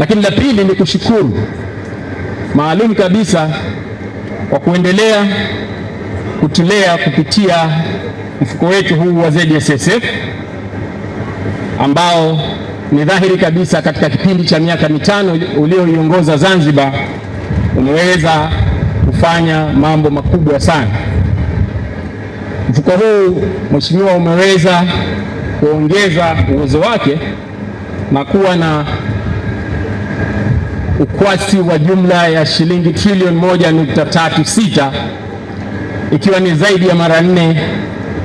Lakini la pili ni kushukuru maalum kabisa kwa kuendelea kutulea kupitia mfuko wetu huu wa ZSSF ambao ni dhahiri kabisa katika kipindi cha miaka mitano ulioiongoza Zanzibar umeweza kufanya mambo makubwa sana. Mfuko huu mheshimiwa, umeweza kuongeza uwezo wake na kuwa na ukwasi wa jumla ya shilingi trilioni moja nukta tatu sita ikiwa ni zaidi ya mara nne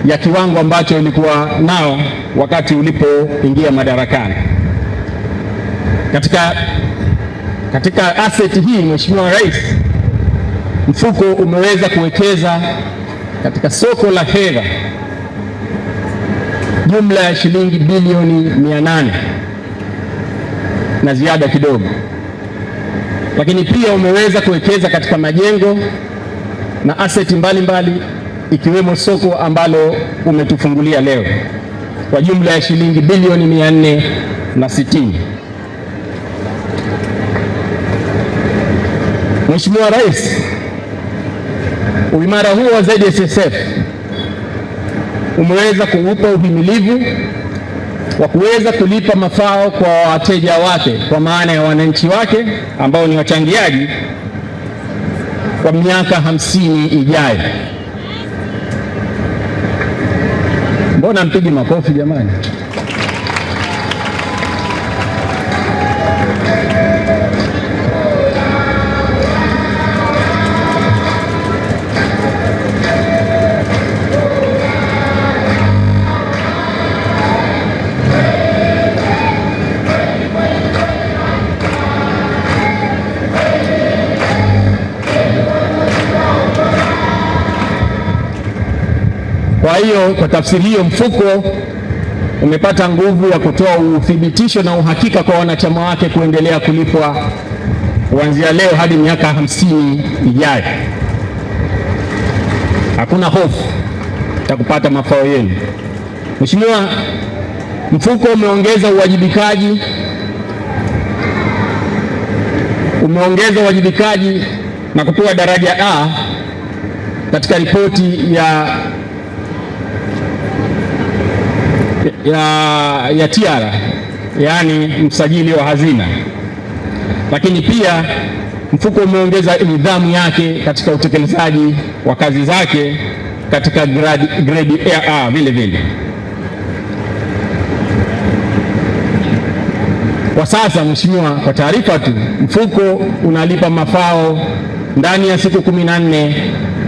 ya kiwango ambacho ilikuwa nao wakati ulipoingia madarakani. Katika, katika aseti hii Mheshimiwa Rais, mfuko umeweza kuwekeza katika soko la fedha jumla ya shilingi bilioni 800 na ziada kidogo lakini pia umeweza kuwekeza katika majengo na aseti mbalimbali ikiwemo soko ambalo umetufungulia leo kwa jumla ya shilingi bilioni mia nne na sitini. Mheshimiwa Rais, uimara huo wa ZSSF umeweza kuupa uhimilivu wa kuweza kulipa mafao kwa wateja wake, kwa maana ya wananchi wake ambao ni wachangiaji kwa miaka hamsini ijayo. Mbona mpigi makofi jamani? Kwa hiyo kwa tafsiri hiyo, mfuko umepata nguvu ya kutoa uthibitisho na uhakika kwa wanachama wake kuendelea kulipwa kuanzia leo hadi miaka hamsini ijayo. Hakuna hofu ya kupata mafao yenu. Mheshimiwa, mfuko umeongeza uwajibikaji, umeongeza uwajibikaji na kupewa daraja A katika ripoti ya ya, ya TIARA yaani msajili wa hazina, lakini pia mfuko umeongeza nidhamu yake katika utekelezaji wa kazi zake katika grade, grade A vile vile. Kwa sasa, mheshimiwa, kwa taarifa tu, mfuko unalipa mafao ndani ya siku kumi na nne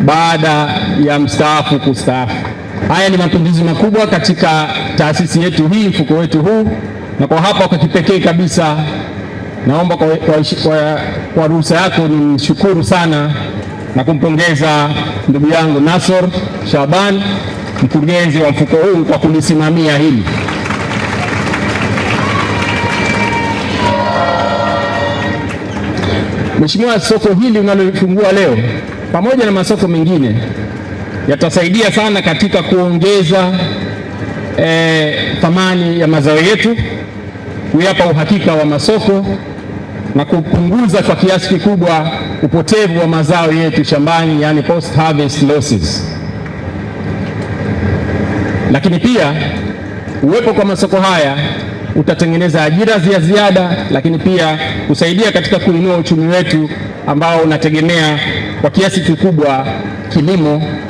baada ya mstaafu kustaafu. Haya ni mapinduzi makubwa katika taasisi yetu hii, mfuko wetu huu, na kwa hapa kwa kipekee kabisa naomba kwa, kwa, kwa, kwa ruhusa yako nimshukuru sana na kumpongeza ndugu yangu Nasor Shaban, mkurugenzi wa mfuko huu kwa kulisimamia hili. Mheshimiwa, soko hili unalofungua leo pamoja na masoko mengine yatasaidia sana katika kuongeza eh, thamani e, ya mazao yetu, kuyapa uhakika wa masoko na kupunguza kwa kiasi kikubwa upotevu wa mazao yetu shambani, yani post harvest losses. Lakini pia uwepo kwa masoko haya utatengeneza ajira za ziada, lakini pia kusaidia katika kuinua uchumi wetu ambao unategemea kwa kiasi kikubwa kilimo.